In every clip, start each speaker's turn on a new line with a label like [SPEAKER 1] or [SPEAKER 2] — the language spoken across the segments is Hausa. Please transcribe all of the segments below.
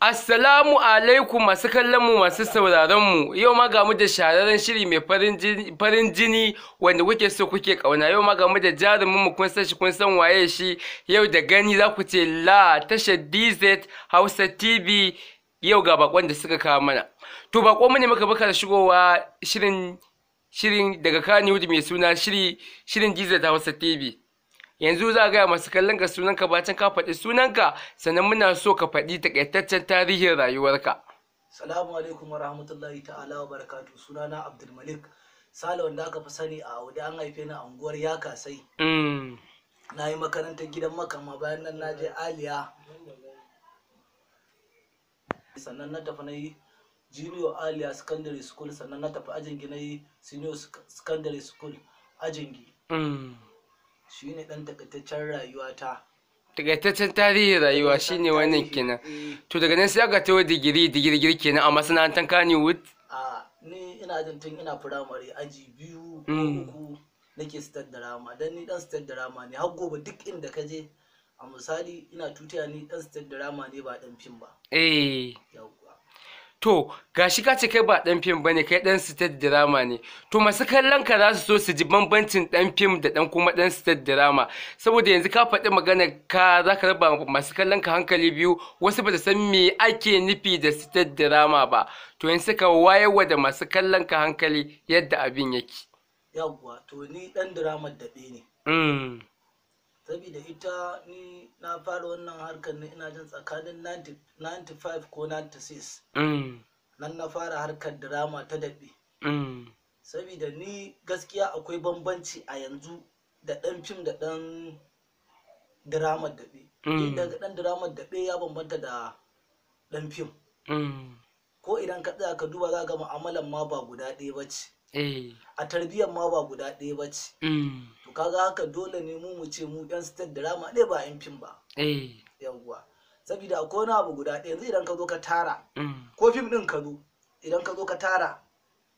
[SPEAKER 1] Assalamu alaikum masu mu masu sauraron mu. yau ma ga mu da shahararren shiri mai farin jini wanda kuke so kuke kauna yau ma ga mu da jarumin mu kun san shi kun san waye shi yau da gani za ku ce la tashar DZ Hausa TV yau ga bakon da suka kawo mana to bako mu ne muka baka da shigowa shirin shirin daga Kannywood mai suna shiri shirin Jiza ta Hausa TV yanzu za gaya masu kallon ka sunan ka bacin ka faɗi sunan ka sannan muna so ka faɗi takaitaccen tarihin rayuwarka
[SPEAKER 2] salamu alaikum wa rahmatullahi ta'ala wa barakatu sunana Abdulmalik Sale wanda aka fi sani a Audu an haife ni a unguwar sai? Mm. na yi makarantar gidan makama bayan nan na je Aliya sannan na tafi na yi junior alia secondary school sannan na tafi ajingi na yi senior secondary school ajingi mm. shi ne ɗan takaitaccen rayuwata
[SPEAKER 1] takaitaccen tarihin rayuwa shine wannan kenan eh. to daga nan sai aka tawo digiri digirgir kenan a masana'antar kaniwood
[SPEAKER 2] a ni ina jin tun ina firamare aji biyu ko mm. uku nake sitar da rama Dan ni dan sitar da rama ne har gobe duk inda ka je a misali ina tutaya ni dan state drama ne ba dan fim ba
[SPEAKER 1] eh to gashi ka ce kai ba dan fim bane kai dan state drama ne to masu kallon ka za su so su ji bambancin dan fim da dan kuma dan state drama saboda yanzu ka faɗi magana ka za ka raba masu kallon ka hankali biyu wasu ba san me ake nufi da state drama ba to yanzu ka wayewa da masu kallon ka hankali yadda abin yake
[SPEAKER 2] yawwa to ni dan drama daɗe ne mm. ita ni na fara wannan harkar ne ina jin tsakanin 95 ko 96 mm. nan na fara harkar drama ta daɓe mm. saboda ni gaskiya akwai bambanci a yanzu da ɗan fim da ɗan drama daɓe mm. daga ɗan drama daɓe ya bambanta da ɗan fim ko idan ka tsaya ka duba za ga mu'amalan ma ba guda ɗaya ba ce Eh. a tarbiyyar ma ba guda ɗaya ba ce mm. to kaga haka dole ne mu mu ce mu yan state drama ɗaya ba yan fim ba eh. yawwa saboda akwai wani abu guda ɗaya yanzu idan ka zo ka tara mm. ko fim ɗin ka zo idan ka zo ka tara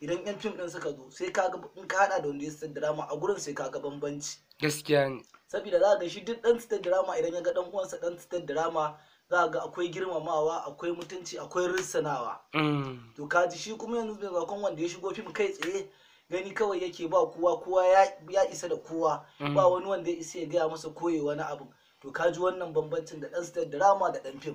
[SPEAKER 2] idan yan fim ɗin suka zo sai ka ga in ka haɗa da wanda ya state drama a gurin sai ka ga bambanci
[SPEAKER 1] gaskiya ne
[SPEAKER 2] saboda za ga shi duk ɗan state drama idan ya ga ɗan uwansa ɗan state drama za ga akwai girmamawa akwai mutunci akwai rissanawa mm. to kaji shi kuma yanzu mai zakon wanda ya shigo fim kai tsaye gani kawai yake ba kowa kowa ya isa da kowa mm. ba wani wanda ya isa ya gaya masa koye wani abu to kaji wannan bambancin da dan drama da dan fim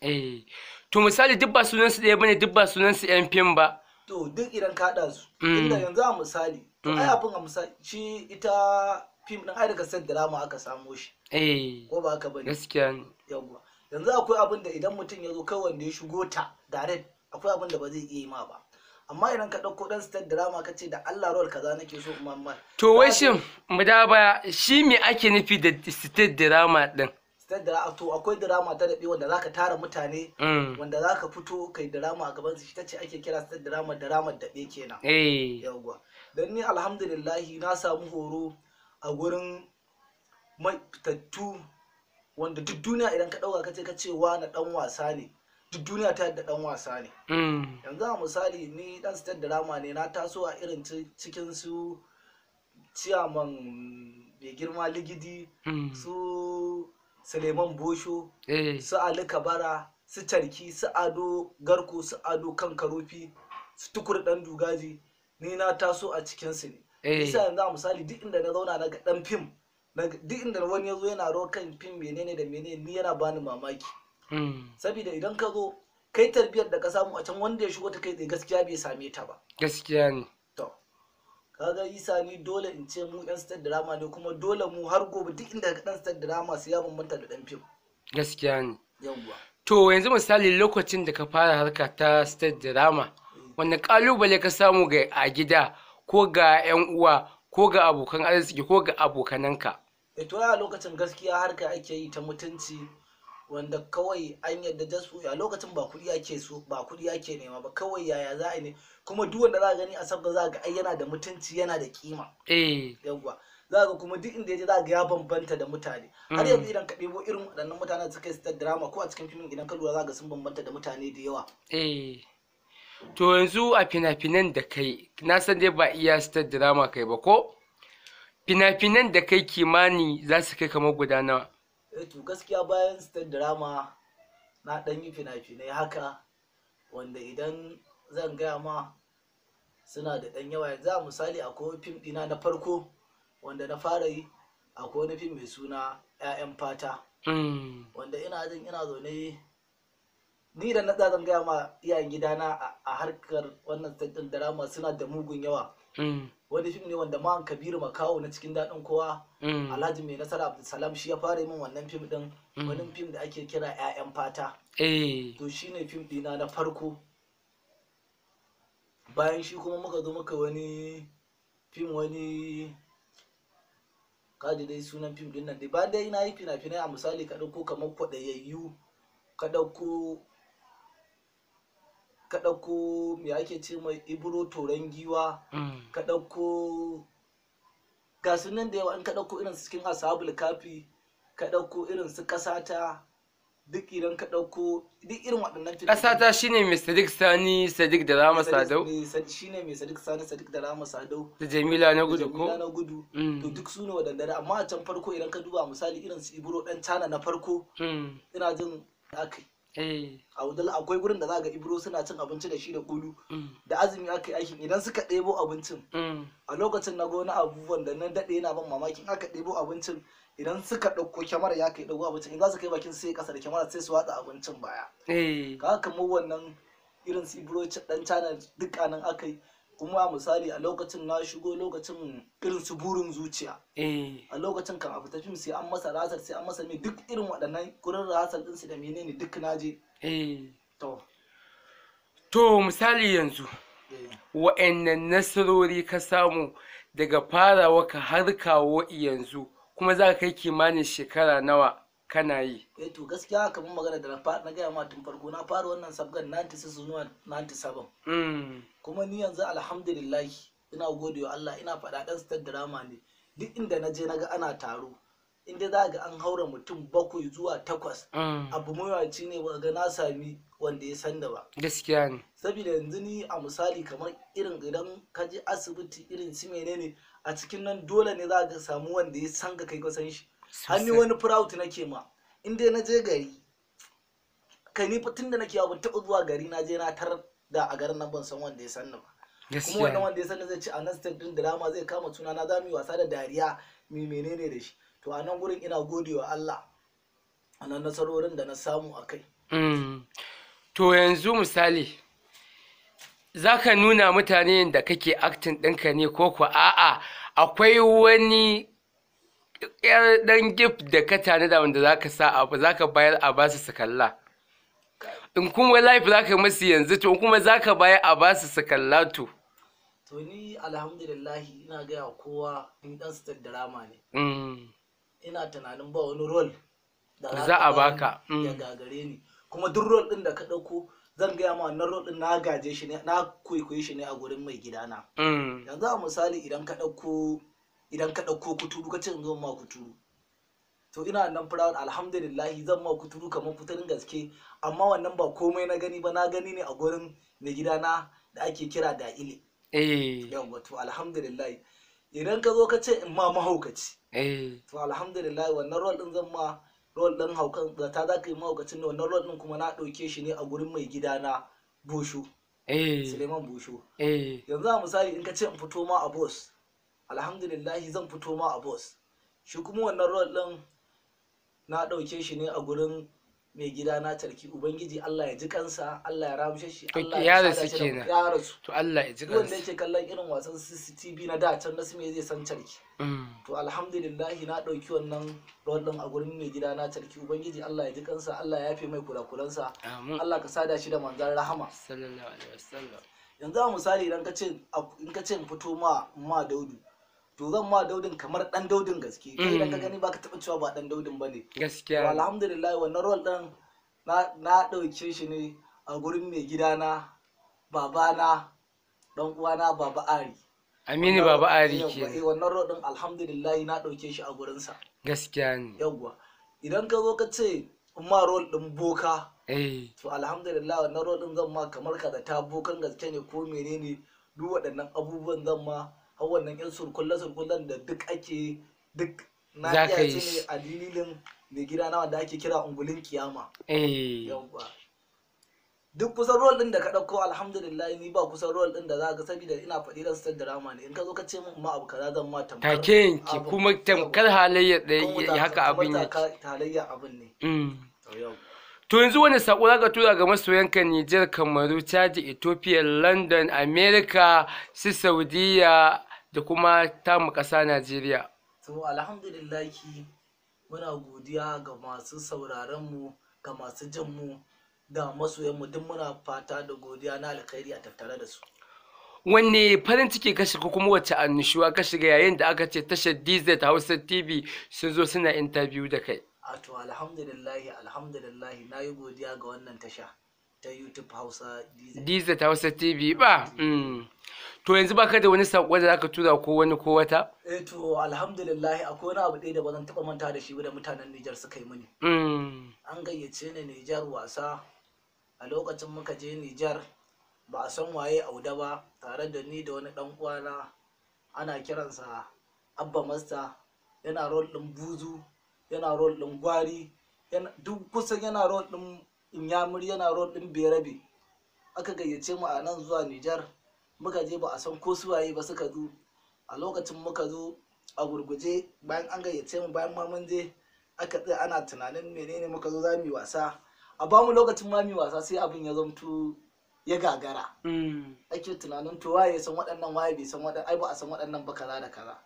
[SPEAKER 1] eh to misali duk ba sunan su ɗaya bane duk ba sunan su yan fim ba
[SPEAKER 2] to duk idan ka haɗa su mm. inda yanzu a misali to ai abin a misali shi ita fim din ai daga stand drama aka samo shi eh ko ba haka bane gaskiya yawa yanzu akwai abin da idan mutum ya zo kai wanda ya shigo ta direct akwai abin da ba zai iya yi ma ba amma idan ka ɗauko ɗan stand drama ka ce da Allah rawar kaza nake so mamman
[SPEAKER 1] to wai shin mu da baya shi me ake nufi da state drama din
[SPEAKER 2] state drama to akwai drama ta daɗe wanda zaka tara mutane mm. wanda zaka fito kai drama a gaban su shi tace ake kira state drama drama daɗe kenan eh yawwa dan ni alhamdulillah na samu horo a gurin mai fitattu wanda duk duniya idan ka ɗauka kace ka ce wani ɗan wasa ne duk duniya ta yadda ɗan wasa ne mm. yanzu a misali ni ɗan sitar rama ne na taso a irin cikin su ciyaman mai girma ligidi mm. su suleiman bosho eh. su ali kabara su carki su ado garko su ado kan karofi su tukur dan dugaji ni na taso a cikin ne bisa eh. yanzu a misali duk inda na zauna na ga dan fim duk inda wani ya zo yana rawar kan fim menene da menene ni yana bani mamaki hmm. saboda idan ka zo kai tarbiyyar da ka samu a can wanda ya shigo ta kai gaskiya bai same ta ba
[SPEAKER 1] gaskiya ne
[SPEAKER 2] to kaga isa ni dole in ce mu yan star drama ne kuma dole mu har gobe duk inda ka dan star drama sai ya bambanta da dan fim
[SPEAKER 1] gaskiya ne to yanzu misali lokacin da ka fara harka ta star drama eh. wanda kalubale ka samu ga a gida ko ga yan uwa ko ga abokan arziki ko ga abokananka
[SPEAKER 2] e to a lokacin gaskiya harka ake yi ta mutunci wanda kawai an yadda su a lokacin ba kuɗi ake so ba kuɗi ake nema ba kawai yaya za a ne kuma duk wanda za a gani a sabga za ga ai yana da mutunci yana da kima eh yawwa za ka kuma duk inda ya je za ga ya bambanta da mutane har yanzu idan ka ɗebo irin waɗannan mutanen suka yi star drama ko a cikin filin idan ka lura za ka sun bambanta da mutane da yawa
[SPEAKER 1] eh to yanzu a fina-finan da kai na san dai ba iya star drama kai ba ko fina-finan da kai kimani za su kai kamar guda nawa
[SPEAKER 2] eh to gaskiya bayan stand drama na dan yi fina-finai haka wanda idan zan gaya ma suna da dan yawa yanzu misali akwai fim dina na farko wanda na fara yi akwai wani fim mai suna 'ya'yan fata mm. wanda ina jin ina zaune ni da na zan gaya ma iyayen gidana a harkar wannan stand drama suna da mugun yawa mm. wani fim ne wanda man kabiru makawo na cikin daɗin kowa mm. alhaji mai nasara abdulsalam shi ya fara min wannan fim din mm. wani fim da ake kira 'ya'yan fata eh. to shi ne fim ɗina na farko bayan shi kuma muka zo muka wani fim wani kaji dai sunan fim din nan dai bayan dai na yi fina-finai a misali ka ɗauko kamar kwaɗayayyu ka ɗauko ka ɗauko me ake ce mai ibro toren giwa mm. ka ɗauko ga su nan da yawa in ka ɗauko irin su cikin asabul kafi ka ɗauko irin su ƙasata duk idan ka ɗauko duk irin waɗannan fitattun ƙasata
[SPEAKER 1] shine mai sadiq sani sadiq da rama sadau
[SPEAKER 2] shine mai sadiq sani sadiq da rama sadau da jamila na gudu ko jamila na gudu mm. to duk su ne waɗanda amma a can farko idan ka duba misali irin su ibro ɗan cana na farko mm. ina jin akai Eh. a wadal akwai wurin da za ga ibro suna cin abinci da shi da kulu mm. da azumi aka yi aikin idan suka ɗebo abincin mm. a lokacin na gona abubuwan da na daɗe yana ban mamakin aka ɗebo abincin idan suka ɗauko kyamara ya kai ɗauko abincin in za su kai bakin sai ƙasa da kyamara sai su watsa abincin baya eh. ka haka mu wannan irin su ibro dan cana duk anan aka yi kuma misali a lokacin na shigo lokacin irin su burin zuciya eh. a lokacin kan a fita fim sai an masa rasar sai an masa ne duk irin waɗannan gurin rasar ɗinsu da menene duk naje eh. to
[SPEAKER 1] to misali yanzu eh. wa'annan nasarori ka samu daga farawa ka har kawo yanzu kuma za ka kai kimanin shekara nawa kana yi
[SPEAKER 2] eh to gaskiya kamar magana da na gaya ma tun farko na fara wannan sabgan 96 zuwa 97 hmm. kuma ni yanzu alhamdulillah ina gode wa Allah ina faɗa ɗan star drama ne duk inda na je na ga ana taro inda za ga an haura mutum bakwai zuwa takwas hmm. abu mawaci ne ga na sami wanda ya san da ba
[SPEAKER 1] gaskiya ne
[SPEAKER 2] saboda yanzu ni a misali kamar irin idan ka je asibiti irin su menene a cikin nan dole ne za ka samu wanda ya san ka kai kusan shi an wani proud nake ma inda na je gari ka ni tun da nake ban taɓa zuwa gari na je na tar da a garin nan ban san wanda ya san ni
[SPEAKER 1] ba kuma wannan wanda
[SPEAKER 2] ya san zai ci a nan step din drama zai kama suna na za mu yi wasa da dariya mi menene da shi to a nan gurin ina gode wa Allah a nan nasarorin da na samu a kai
[SPEAKER 1] mm. to yanzu misali za ka nuna mutane da kake aktin ɗinka ne ko ko a'a akwai wani yar dan gif da ka tani da wanda zaka sa abu zaka bayar a basu su kalla in kuma life zaka masu yanzu to kuma zaka bayar a basu su kalla to
[SPEAKER 2] to ni alhamdulillah ina gaya kowa in dan star drama ne mm. ina tunanin ba wani role da za a
[SPEAKER 1] baka mm. ya
[SPEAKER 2] gagare ni kuma duk role din da ka dauko zan gaya ma wannan role din na gaje shi ne na kwaikwaye shi ne a gurin mai gidana mm. yanzu a misali idan ka dauko idan ka ɗauko kuturu ka ce in zo ma kuturu to ina nan proud alhamdulillahi zan ma kuturu kamar kuturin gaske amma wannan ba komai na gani ba na gani ne a gurin mai gidana da ake kira da ile eh yawa to alhamdulillahi idan ka zo ka ce in ma mahaukaci eh to alhamdulillahi wannan role din zan ma role din haukan da ta za ka yi mahaukacin ne wannan role din kuma na ɗauke shi ne a gurin mai gidana bushu eh suleiman bushu eh yanzu a misali in ka ce in fito ma a boss alhamdulillahi zan fito ma a boss shi kuma wannan role din na ɗauke shi ne a gurin mai gida na tarki ubangiji Allah ya ji kansa Allah ya ramshe shi Allah ya sada shi da ya rasu to Allah ya ji kansa wanda yake kallon irin wasan CCTV na da can na me zai san tarki mm. to alhamdulillah na dauki wannan role din a gurin mai gida na tarki ubangiji Allah ya ji kansa Allah ya yafe mai kulakulansa sa Allah ka sada shi da manzan rahama sallallahu alaihi wasallam yanzu a misali idan ka ce in ka ce fito ma ma Daudu to zan ma daudin kamar dan daudin gaske kai da ka mm. gani baka taba cewa ba dan daudin bane gaskiya To alhamdulillah wannan role din na na dauke shi ne a gurin mai gidana babana dan uwana baba ari
[SPEAKER 1] aminu baba ari ke Eh
[SPEAKER 2] wannan role din alhamdulillah na dauke shi a gurin sa
[SPEAKER 1] gaskiya ne Yauwa, idan
[SPEAKER 2] ka zo ka ce ma role din boka eh. to alhamdulillah wannan role din zan ma kamar ka da ta bokan gaske ne ko menene duk waɗannan abubuwan zan ma har wannan yan surkullen surkullen da duk ake duk na iya ce ne a dalilin mai gida na wanda ake kira ungulin kiyama
[SPEAKER 1] eh.
[SPEAKER 2] duk kusan rol din da ka ɗauko alhamdulillah ni ba kusan rol din da za ka sabida ina faɗi da star drama ne in ka zo ka ce min ma abu kaza zan ma tamkar take
[SPEAKER 1] yanki kuma tamkar halayya da haka abin yake
[SPEAKER 2] halayya abin
[SPEAKER 1] ne mm. To yanzu wani saƙo za ka tura ga masoyanka Nijar, Kamaru, Chad, Ethiopia, London, America, su Saudiya, da kuma tamu ƙasa Najeriya.
[SPEAKER 2] To alhamdulillahi muna godiya ga masu sauraronmu ga masu jin jinmu ga masoyanmu duk muna fata da godiya na alkhairi a tattare da su.
[SPEAKER 1] Wanne farin ciki ka shiga kuma wacce annishuwa ka shiga yayin da aka ce tashar DZ Hausa TV sun zo suna intabiyu da kai.
[SPEAKER 2] ato alhamdulillahi alhamdulillahi na yi godiya ga wannan tasha. ta youtube hausa
[SPEAKER 1] dz ta hausa tv ba mm. to yanzu baka da wani sako da zaka tura ko wani ko wata
[SPEAKER 2] eh to alhamdulillah akwai wani abu ɗaya da bazan taba manta da shi ba da mutanen Nijar suka yi mini
[SPEAKER 1] mm.
[SPEAKER 2] an gayyace ni Nijar wasa a lokacin muka je Nijar ba a san waye Auda ba tare da ni da wani ɗan uwana ana kiransa Abba Masta yana rol din buzu yana rol din gwari duk kusan yana rol ɗin... inyamur yana road din berabe aka gayyace mu a nan zuwa nijar muka je ba a san ko suwaye ba suka zo a lokacin muka zo a gurguje bayan an gayyace mu bayan ma mun je aka tsaya ana tunanin menene muka zo za mu yi wasa a ba mu lokacin ma mu wasa sai abin ya zamto ya gagara mm. ake tunanin to waye san waɗannan waye bai san waɗannan ai ba a san waɗannan ba kaza da kaza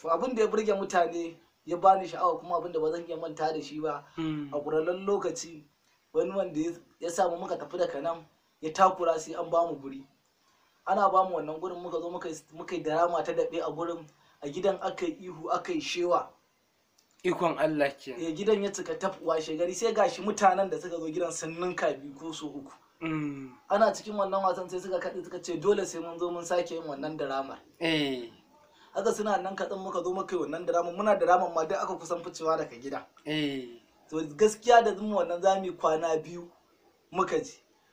[SPEAKER 2] to abin da ya burge mutane ya bani sha'awa kuma abin da ba zan iya manta da shi ba mm. a ƙurarren lokaci wani wanda ya samu muka tafi daga nan ya takura sai an bamu guri ana bamu wannan gurin muka zo muka yi drama ta daɓe a gurin a gidan aka yi ihu aka yi shewa ikon Allah ke ya eh, gidan ya cika taf washe gari sai gashi mutanen da suka zo gidan sun ninka biyu ko so uku mm. ana cikin wannan wasan sai suka kaɗe suka ce dole sai mun zo mun sake yin wannan daramar eh. haka suna nan kaɗan muka zo muka yi wannan drama muna drama ma duk aka kusan ficewa daga gidan eh. to gaskiya da zuma wannan za kwana biyu muka ji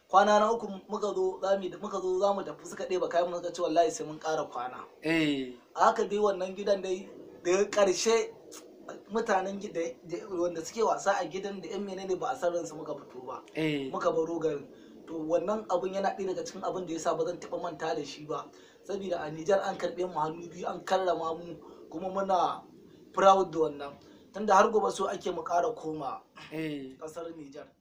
[SPEAKER 2] kwana na uku muka zo za da muka zo zamu tafi suka ɗeba kayan muka ce wallahi sai mun ƙara kwana eh haka dai wannan gidan dai daga ƙarshe mutanen wanda suke wasa a gidan da yan menene ba a san ransu muka fito ba eh. muka baro garin to wannan abun yana ɗaya daga cikin abin da yasa ba zan taɓa manta da shi ba saboda a Nijar an karɓe mu hannu biyu an karrama mu kuma muna proud da wannan tunda har gobe so ake mu ƙara koma eh. ƙasar Nijar.